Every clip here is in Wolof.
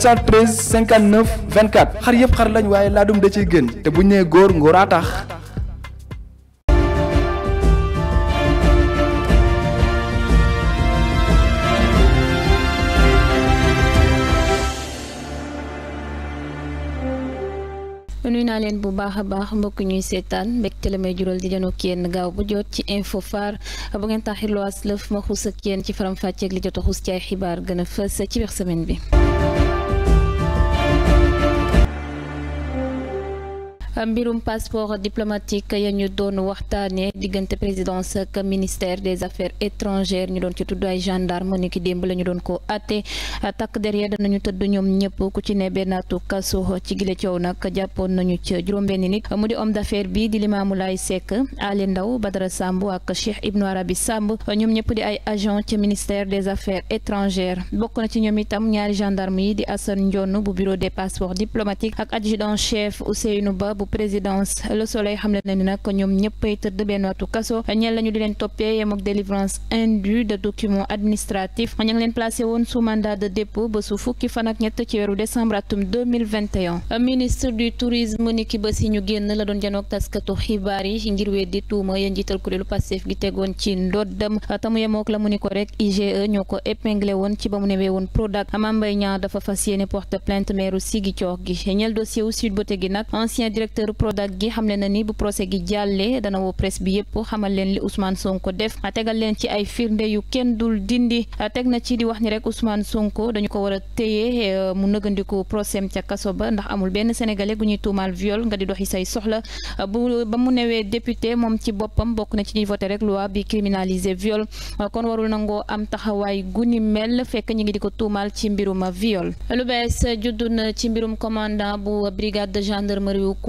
713 59 24 xar yëpp xar lañ waaye te bu ñu góor ngóoraa tax. nuy naa leen bu baax a baax mbokk ñuy seetaan mbégte la may jural di janoo ak gaaw bu jot ci info faar bu ngeen taxir loo as lëf ma xuus ak ci faram li jot xuus ci xibaar gën a fës ci biir semaine bi. mbirum passeport diplomatique ya ñu doon waxtaanee diggante présidence ak ministère des affaires étrangères ñu doon ci tudd ay gendarme ni ki démb la ñu doon ko atte takk der ya danañu tëdd ñoom ñëpp ku ci ne benn atu kaso ci gile coow nag jàppoon nañu ci juróom-benn nit mu di homme d'affaires bi di Limamoulaye Seck Ali Ndaw Badara Samb ak Cheikh Ibn Arabi Samb ñoom ñëpp di ay agent ci ministère des affaires étrangères bokk na ci ñoom itam ñaari gendarme yi di Assane Ndion bu bureau des passeports diplomatiques présidence le soleil xamle na ni nag ñoom ñëppay tëdd benn watu fukki fan ak ñett ci weeru décembre atum 2021 ministre du tourisme ni ki ba si génn la doon janook taskatu xibaar yi ngir weddi tuuma ya njiital kuréelu Pastef gi tegoon ci ndoddam tamu yemook la mu ni ko rek IGE ñoo ko épinglé woon ci ba mu newee woon Prodac Mame Mbaye dafa fas yéene porte plainte maire Ziguinchor gi ñeel dossier wu Sweet Beauté gi nag ancien directeur directeur Prodac gi xamle na ni bu procès gi jàllee dana woo bi yëpp xamal leen li Ousmane Sonko def tegal leen ci ay firnde yu kenn dul dindi teg na ci di wax ni rek Ousmane Sonko dañu ko war a téye euh, mu nëgandiku procès ca kaso ba ndax amul benn sénégalais gu ñuy tuumaal viol nga di doxi say soxla euh, bu ba mu newee député moom ci boppam bokk na ci ñuy voté rek loi bi criminaliser viol euh, kon warul nangoo am taxawaay gu ni mel fekk ñi ngi di ko tuumaal ci mbirum viol lu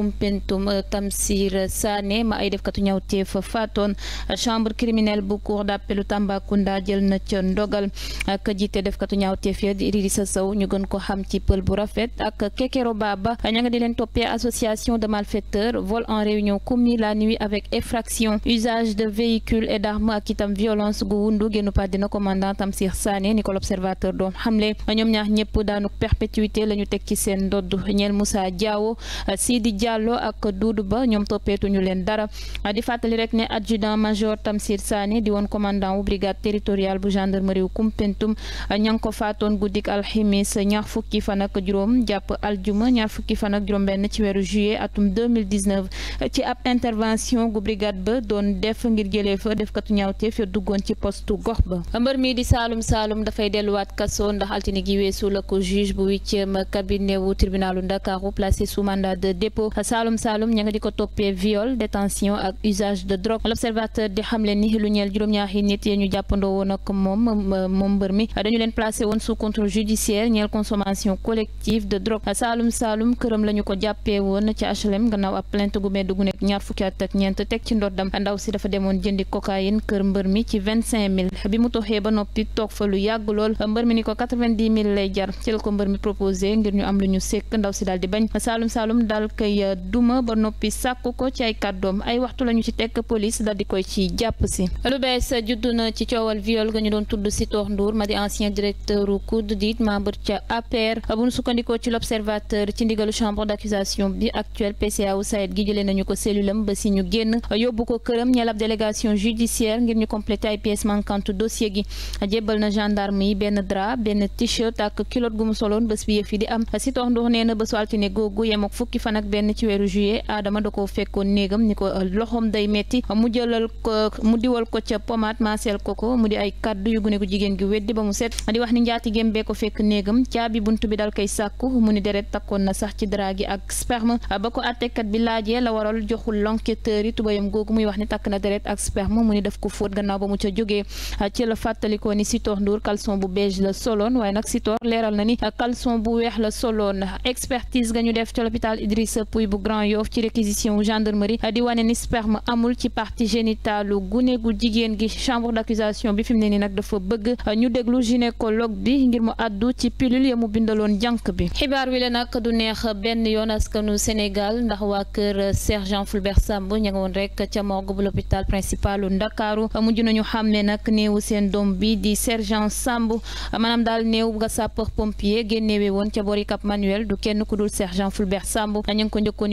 Koumpentoum euh, Tamsir Sané ma ay defkatu ñawteef faatoon chambre criminelle bu cour d'appelu Tambacounda jël na ca ndogal ak jiite defkatu ñawteef ya di sa Sow ñu gën ko xam ci pël bu rafet ak Kekero ba ña nga di leen toppee association de malfaiteurs vol en réunion commis la nuit avec effraction usage de véhicules et d'armes ak itam violence gu wundu génnu pàddina commandant Tamsir Sané ni ko l'observateur doon xamle ñoom ñaar ñëpp daanuk perpétuité la ñu teg Diallo ak Doudou Ba ñoom toppeetuñu leen dara di fàttali rek ne adjudant major Tamsir Sané di woon commandant wu brigade territoriale bu gendarmerie wu Koumpentoum ña faatoon guddik alximis ñaar fukki fan ak juróom jàpp aljuma ñaar fukki fan ak juróom benn ci weeru juillet atum 2019 ci ab intervention gu brigade ba doon def ngir jëlee fa defkatu ñaawteef ya duggoon ci postu gox ba mbër mi di Saalum Saalum dafay delluwaat kaso ndax altine gi weesu la ko juge bu Saalum Saalum ña nga di ko toppee viol détention ak usage de drogue l'observateur di xamle ni lu ñeel juróom-ñaari nit yi jàppandoo woon ak moom moom mbër mi dañu leen placé woon sous contrôle judiciaire ñeel consommation collective de drogue Saalum Saalum këram la ñu ko jàppee woon ci HLM gannaaw ab plainte gu mee dugg nekk ñaar fukki at ak ñeent teg ci ndoddam ndaw si dafa demoon jëndi cocaïne kër mbër mi ci vingt cinq mille bi mu toxee ba noppi toog fa lu yàgg lool mbër mi ni ko quatre vingt dix lay jar ci la ko mbër ñu am lu ñu sekk ndaw si daal di bañ duma ba noppi sàkku ko ci ay kàddoom ay waxtu lañu ci tekk police dal di koy ci jàpp si lu bees juddu na ci coowal viol ga ñu doon tudd si Toox Ndour ma di ancien directeur u COUD di ca APR bu ñu sukkandikoo ci l'observateur ci ndigalu chambre d'accusation bi actuel PCA wu Saïd gi jëlee nañu ko cellulam ba si ñu génn yóbbu ko këram ñeel ab judiciaire ngir ñu complété ay pièces dossier gi jébbal na gendarme yi benn drap benn Adama da koo fekkoon néegam ni ko euh, loxoom day metti mu jëlal ko mu diwal ko ca pomaat maaseel ko ko mu di ay kàddu yu gune ko jigéen gi weddi ba mu set di wax ni njaatigéem bee ko fekk néegam caabi bunt bi dal koy sàkku mu ni deret takkoon na sax ci dara gi ak sperme ba ko àttekat bi laajee la waral joxul l'enquêteur yi tubayam googu muy wax ni takk na deret ak sperme mu ni daf ko fóot gannaaw ba mu ca jógee ci la fàttalikoo ni Sitor Ndour bu beige la soloon waaye nag Sitor leeral na ni caleçon bu weex la Grand Yoff ci réquisition gendarmerie di wane ni sperme amul ci partie génitale gune gu jigéen gi chambre d'accusation bi fi mu ne nii nag dafa bëgg ñu déglu gynécologue bi ngir mu àddu ci pilule ya mu bindaloon jànk bi xibaar wi la nag du neex benn yoon askanu Sénégal ndax waa kër sergent Fulbert Samb ña nga woon rek ca morgue bu l'hôpital principal Ndakaaru mujj nañu xàmmee nag néewu seen doom bi di sergent Samb maanaam daal néew nga sapeur pompier ca boori Cap Manuel ku dul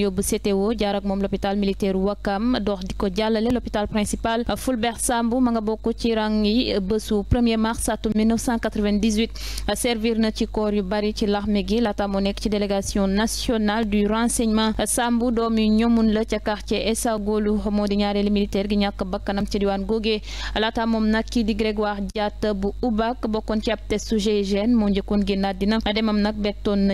yóbbu CTO jaar moom l'hôpital militaire Wakam dox di ko jàllale l'hôpital principal Fulbert Sambou ma nga bokk ci rang yi bésu 1er mars atum 1998 servir na ci corps yu bari ci l'armée gi laata mu nekk ci délégation nationale du renseignement Sambou doomi ñomun la ca quartier Essa Golu moo di ñaareelu militaire gi ñàkk bakkanam ci diwaan googee laata moom nag kii di Grégoire Diatta bu Ubak bokkoon ci ab testu GIGN moo njëkkoon génnaat dina demam nag bettoon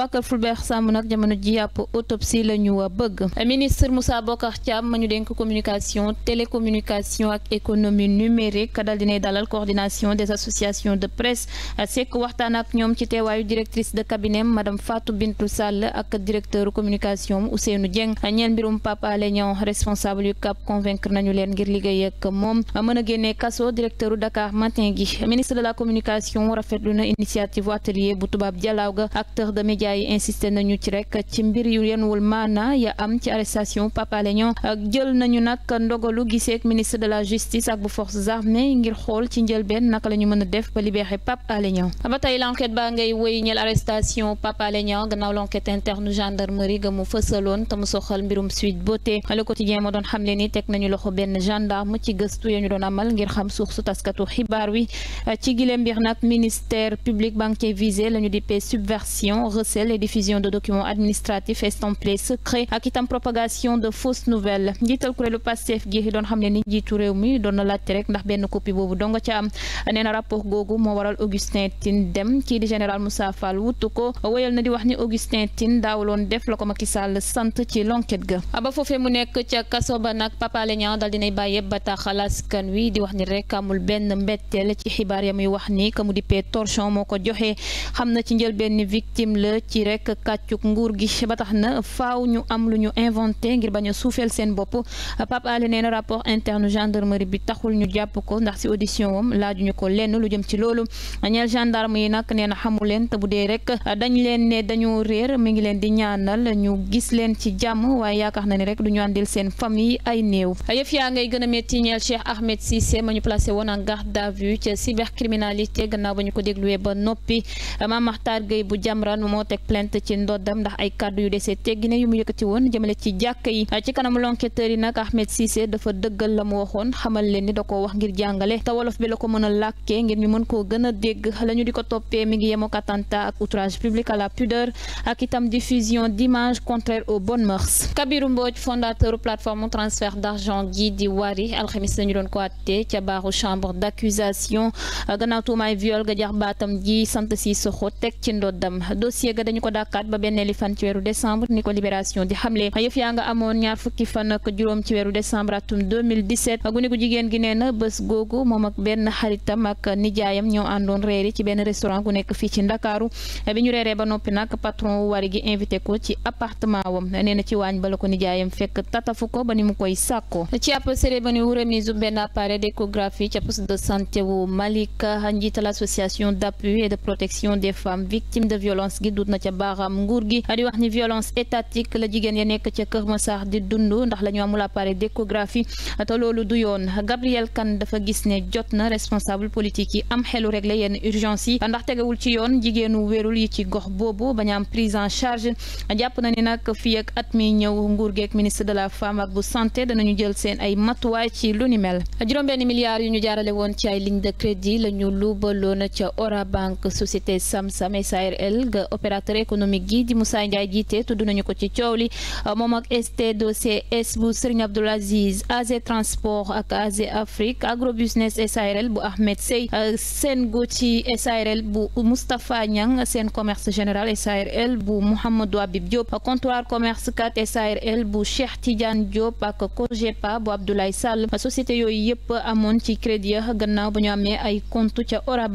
waa kër Fulbert Sambou nag jamono ji yàpp autopsie la ñu bëgg ministre Moussa Bocar Thiam ma ñu dénk communication télécommunication ak économie numérique dal dinay dalal coordination des associations de presse sekk waxtaan ak ñoom ci teewaayu directrice de cabinet madame Fatou Bintou Sall ak directeur communication Ousseynou Dieng ñeel mbirum Pape Alé Niang responsable yu CAP convaincre nañu leen ngir liggéey ak moom mën a génnee kaso directeur Dakar gi ministre de la communication rafetlu na initiative atelier média yi nañu ci rek ci mbir yu yenwul maana ya am ci arrestation Pape euh, jël nañu nag ndogalu gisee ministre de la justice ak bu forces armées ngir xool ci njëlbeen naka la ñu mën def ba libéré Pape Alé Niang ba tey l'enquête baa ngay wéy ñeel arrestation Pape Alé Niang gannaaw l'enquête interne gendarmerie ga mu fësaloon te mu soxal mbirum Sweet Beauté Le Quotidien moo doon xam le ni teg nañu loxo benn gendarme ci gëstu ya ñu doon amal ngir xam suuf su taskatu recel et diffusion de documents administratifs estampillés secret ak itam propagation de fausses nouvelles njiital kuréelu Pastef gi doon réew mi doon na laajte rek ndax benn copie boobu dong ca am nee rapport googu moo waral Augustin Tine dem na di wax ni Augustin Tine daawuloon def la ko Macky Sall sant ci l'enquête ga ba foofee mu nekk ca kaso ba nag Papa Alé Niang dal dinay bàyyee bataaxal askan wi di wax ni rek amul benn mbetteel ci xibaar ya muy wax ni ka mu dippee torchon moo ko joxee xam ci rek kàccuk nguur gi ba tax na faaw ñu am lu ñu inventé ngir bañ a suufeel seen bopp Pape Alé nee na rapport interne gendarmerie bi taxul ñu jàpp ko ndax si audition di ñaanal ñu gis leen ci jàmm waaye yaakaar na ni rek du ñu àndil seen famille ay néew yëf yaa ngay gën a ñeel Cheikh Ahmed Cissé ma ñu placé woon en garde à vue ca cybercriminalité gannaaw ba ñu ko dégluwee ba noppi Mame Makhtar bu Jamra moo teg plainte ci ndoddam ndax ay kàddu yu desee teggine yu mu yëkkati woon jëmale ci jàkk yi ci kanam l'enquêteur yi Ahmed Cissé dafa dëggal la mu waxoon xamal leen ni da ko wax ngir jàngale te wolof bi la ko mën a làkkee ngir ñu mën koo gën a dégg la ñu di ko toppee mi ngi yemook attentat ak outrage public à la pudeur ak itam diffusion d'images contraires aux bonnes mœurs Kabirou Mbodj fondateur plateforme transfert d'argent gi di Wari alxamis lañu doon ko àtte ca baaru chambre d'accusation gannaaw tuumaay viol ga jax baatam ji sant si soxo teg ci ndoddam dossier ga dañu ko dàkkaat ba benneeli fan ci weeru décembre ni ko libération di xamle yëf yaa nga amoon ñaar fukki fan ak juróom ci weeru décembre atum 2017 gune gu jigéen gi nee bés googu moom ak benn xaritam ak nijaayam ñoo àndoon reeri ci benn restaurant gu nekk fii ci Ndakaaru ba noppi ci waañ ba ko nijaayam fekk tatafu ko ba ni mu koy sàkko ci ab cérémonie wu remise benn appareil d'échographie ca poste de santé wu Malika njiital association d'appui na ca baaxam nguur gi di wax ni violence étatique la jigéen ya nekk ca Kër Massar di dund ndax la amul appareil d'échographie te loolu du yoon Gabriel Kane dafa gis ne jot na responsable politique yi am xelu régler yenn urgence yi ndax tegewul ci yoon jigéenu wérul yi ci gox boobu bañ am prise en charge jàpp na ni nag fii at mi ñëw nguur geek ministre de la femme ak bu santé danañu jël seen ay matuwaay ci lu ni mel juróom-benn milliards yu ñu opérateur économique gi di Moussa Ndiaye jiite tudd nañu ko ci euh, bu Serigne Abdoul Aziz AG euh, seen ci SARL bu Moustapha Niang seen commerce général SARL bu Mouhamadou Habib Diop comptoir commerce 4 SARL bu Cheikh Tidiane Diop ak COGEPA bu Abdoulaye Sall société yooyu yëpp amoon ci crédit gannaaw ba ñu amee ay compte ca euh,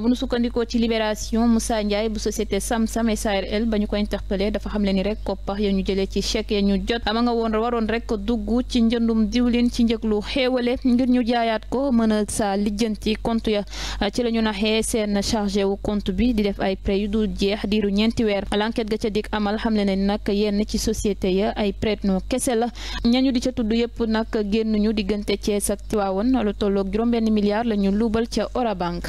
bu nu sukkandikoo ci Libération Moussa bu société Sam am Sam SARL ba ñu ko interpellé dafa xam le ni rek koppax ya ñu jëlee ci chèque ya ñu jot ama nga waroon rek dugg ci njëndum diwlin ci njëg lu xéewale ngir ñu jaayaat ko mën a sa lijjanti compte ya ci la ñu naxee seen chargé wu compte bi di def ay prêt yu dul jeex diiru ñeenti weer l'enquête ga ca dikk amal xam le ne nag yenn ci société ya ay prêt no kese la ñañu di ca tudd yépp nag génn ñu diggante Thiès ak Tiwaawoon lu tolloog juróom-benn milliard la ñu ca Orabank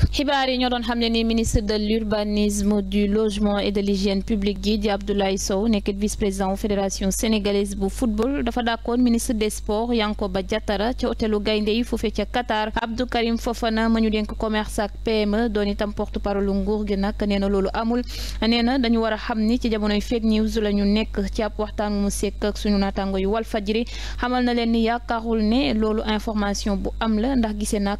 nutrition et gi di Abdoulaye Sow nekk vice-président fédération sénégalaise bu football dafa d'accord ministre des sports Yankoba Diattara ca hôtelu gaynde yi foofe ca Qatar Abdou Karim Fofana ma ñu dénk commerce ak PME doon itam porte-parole nguur gi nag nee na loolu amul nee na dañu war a xam ni ci jamonoy fake news la ñu nekk ci ab waxtaan mu sekk ak suñu naataango yu Walfadjri xamal na leen yaakaarul ne loolu information bu am la ndax gisee naag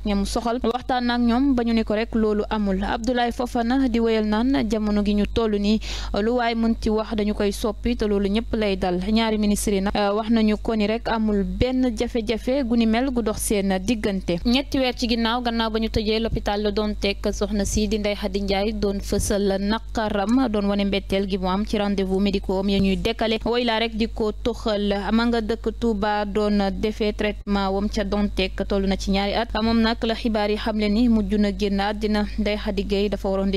toll nii lu waay mën ci wax dañu koy soppi te loolu ñëpp lay dal ñaari ministre yi nag euh, wax nañu ko ni rek amul benn jafe-jafe gu ni mel gu dox seen diggante ñetti weer ci ginnaaw gannaaw ba ñu tëjee l'hôpital la doon teg soxna si di Ndeye Khady Ndiaye doon fësal naqaram doon wane mbetteel gi mu am ci rendez-vous médicaux am ya ñuy décalé woy laa rek di ko tuxal ma nga dëkk Touba doon defee traitement wam ca doon teg toll na ci ñaari at moom nag la xibaar yi xam le ni mujj na génn àddina Ndeye Khady Gueye dafa waroon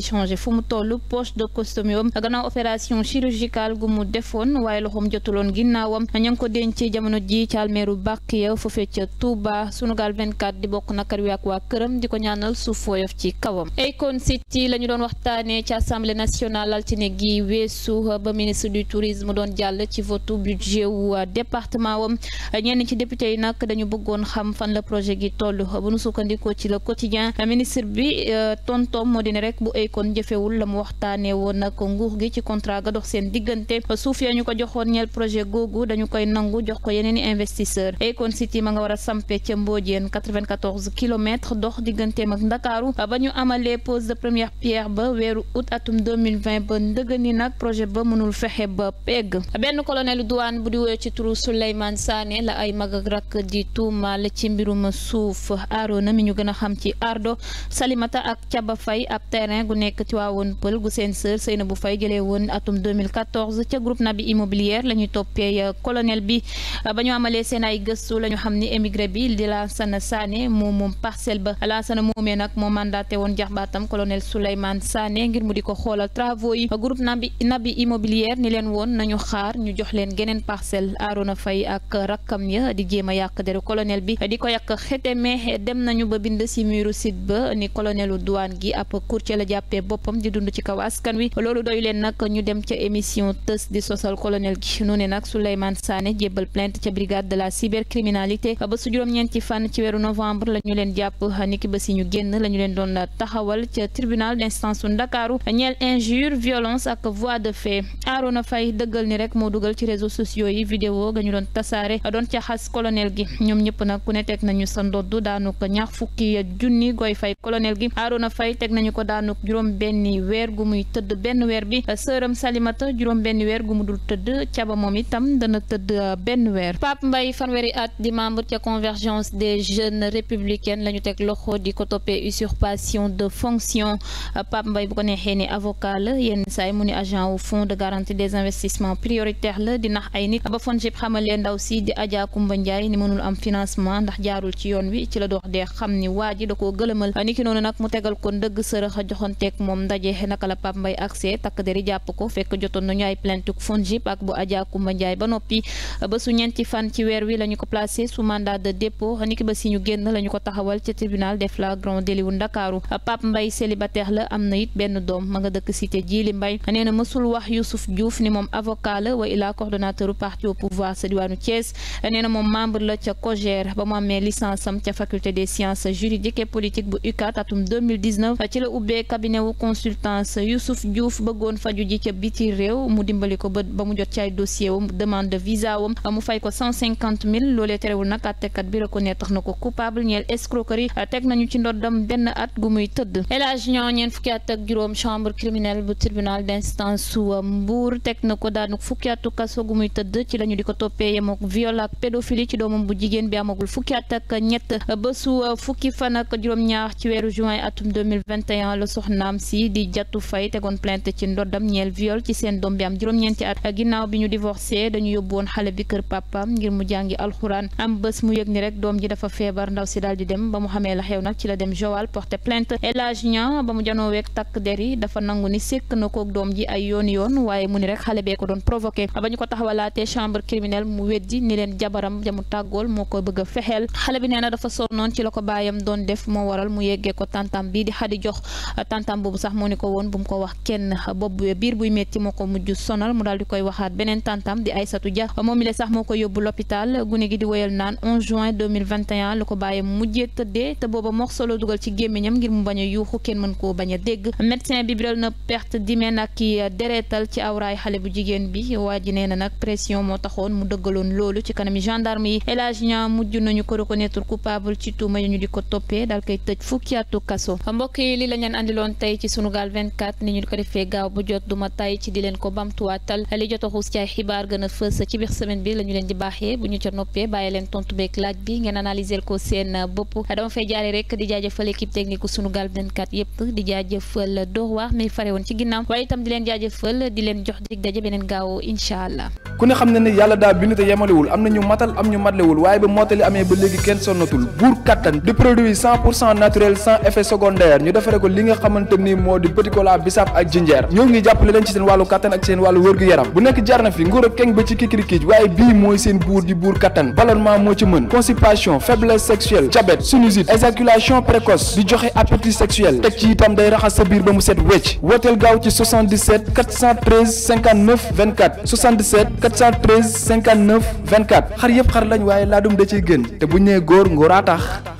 colostomium gannaaw opération chirurgicale gu mu defoon waaye loxoom jotuloon ginnaawam ña ko denc jamono ji ci almeeru Bakiya foofee ca Touba Sunugal 24 di bokk nakar wi ak waa këram di ko ñaanal suuf fooyof ci kawam Akon City la ñu doon waxtaanee ci assemblée nationale altine gi weesu ba ministre du tourisme doon jàll ci votu budget wu département wam ñenn ci député yi nag dañu bëggoon xam fan la projet gi toll bu nu sukkandikoo ci euh, la mu ak nguur gi ci contrat ga dox seen diggante suuf ya ñu ko joxoon ñeel projet googu dañu koy nangu jox ko yeneen i investisseur Akon City ma nga war a sampe ca Mbodiène 94 kilomètres dox digganteem ak Ndakaaru ba ñu amalee pose de première pierre ba weeru août atum ba ndëgëni nag projet ba mënul fexe ba pegg benn colonelu douane bu di woy ci turu Souleymane Sané la ay mag ak rakk di tuumal ci mbirum suuf Arona mi ñu gën a xam ci Ardo Salimata Seynabou Faye jëlee woon atum 2014 ca groupe Nabi Immobilière la ñuy toppee euh, colonel bi euh, ba ñu amalee seen ay gëstu la ñu xam ni émigré bi di Lansana Sané moo moom parcelle ba Lansana moomee nag moo mandaté woon jaxbaatam colonel Souleymane Sané ngir mu di ko xoolal travaux yi groupe Nabi Nabi Immobilière ni leen woon nañu xaar ñu jox leen geneen parcelle Arona fay ak rakkam ya di jéem a yàq deru colonel bi di ko yàkk xete xeteme dem nañu ba bind si muru site ba ni colonelu douane gi ab courtier la jàppee boppam di dund ci kaw askan wi loolu doy leen nag ñu dem ca émission tës di sosal colonel gi nu ne nag Souleymane Sané jébbal plainte ca brigade de la cybercriminalité ba su juróom-ñeenti fànn ci weeru novembre la ñu leen jàpp niki ba si ñu génn la leen doon taxawal ca tribunal d'instance u Ndakaaru ñeel injure violence ak voie de fait Arona Faye dëggal ni rek moo dugal ci réseaux sociaux yi vidéo ga ñu doon tasaare doon ca xas colonel gi ñoom ñëpp nag ku ne teg benn weer bi sëram Salimata juróom benn weer gu mu dul tëdd caba moom itam dana tëdd benn weer Pape mbay fanweeri at di membre ca convergence des jeunes républicains la ñu teg loxo di ko toppee usurpation de fonction Pape Mbaye bu ko neexee ni avocat la yenn saay mu ni agent au fonds de garantie des investissements prioritaires la di nax ay nit ba fon jib xamalee ndaw si di Adja Kumba Ndiaye ni mënul am financement ndax jaarul ci yoon wi ci la dox dee xam ni waa ji da koo gëlëmal niki noonu nag mu tegal kon dëgg sërëx a moom ndaje naka la Pape gisee takk deri jàpp ko fekk jotoon nañu ay plainte FONGIP ak bu Adja Kumba Ndiaye ba noppi ba su ñeenti fan ci weer wi la ko placé sous mandat de dépôt niki ba si ñu génn la ko taxawal ci tribunal des flagrants délits wu Ndakaaru Pape Mbaye célibataire la am na it benn doom ma nga dëkk cité Djily Mbaye nee na mësul wax Youssouf Diouf ni moom avocat la wa ilaa coordonnateur parti au pouvoir sa diwaanu Thiès moom membre la ca COJER ba mu amee licence Diouf bëggoon faju ji ca biti réew mu dimbali ko ba ba mu jot ci ay dossier wam demande de visa wam mu fay ko cent cinquante mille loolee terewul nag àttekat bi na ko coupable ñeel escroquerie teg nañu ci ndoddam benn at gu muy tëdd El Hadj ñoo ñeen fukki at ak juróom chambre criminelle bu tribunal d'instance su Mbour teg na ko daanu fukki atu kaso gu muy tëdd ci la di ko toppee yem ak viol ak pédophilie ci doomam bu jigéen bi amagul fukki at ak ñett bésu fukki fan ak juróom-ñaar ci weeru juin atum 2021 la soxnaam si di jattu fay tegoon plainte ci ndoddam ñeel viol ci seen doom bi am juróom-ñeenti at ginnaaw bi ñu divorcé dañu yóbbu woon xale bi kër papaam ngir mu jàngi alxuraan am bés mu yëg ni rek doom ji dafa feebar ndaw si daal dem ba mu xamee la xew nag ci la dem doom ji ay yoon yoon waaye mu ni rek xale bee ko doon provoqué ba ñu ko taxawalaatee chambre criminelle mu weddi ni leen jabaram jamu tàggool moo ko bëgg a fexeel xale bi nee dafa sonnoon ci la ko baayam doon def moo waral benn bopp biir buy métti moo ko mujj sonal mu daal di koy waxaat beneen tantam di Aysatu Dia moom ile sax moo ko yóbbu l'hôpital gune gi di woyal naan juin 2021 ko bàyyee mujjee tëddee te booba morso la dugal ci gémmiñam ngir mu bañ a yuuxu kenn mën koo bañ a dégg médecin bi biral na perte d'hymène ak ki deretal ci awraay xale bu jigéen bi waa ji nee na nag pression moo taxoon mu dëggaloon loolu ci kanami gendarme yi El Hadj Niang mujj nañu ko ko toppee daal koy tëj fukki atu kaso mbokk yi li la ñeen andiloon tey ci defee gaaw bu jot duma tay ci di leen ko bamtuwaatal li jot a xuus ci xibaar gën a fës ci biir semaine bi la leen di baaxee bu ñu ca noppee bàyyi leen tontu beeg laaj bi ngeen analyser ko seen bopp dama fay jaare rek di jaajëfal équipe technique u sunu gaal 24 yépp di jaajëfal Dóor waar mi fare woon ci ginnaaw waaye itam di leen jaajëfal di leen jox dig daje beneen gaaw incha allah. ku ne xam na ne yàlla daa bind te yemalewul am na Linguère ñoo ngi jàppale leen ci seen wàllu kattan ak seen wàllu wërgu yaram bu nekk jar na fi nguur ak keng ba ci kikirikiij waaye bii mooy seen buur di buur kattan ballonnement moo ci mën constipation faiblesse sexuelle diabète sinusite éjaculation précoce di joxe appétit sexuel teg ci itam day raxas sa biir ba mu set wecc wooteel gaaw ci 77 413 59 24 77 413 59 24 xar yëpp xar lañ waaye laa dum da ciy gën te bu ñu nee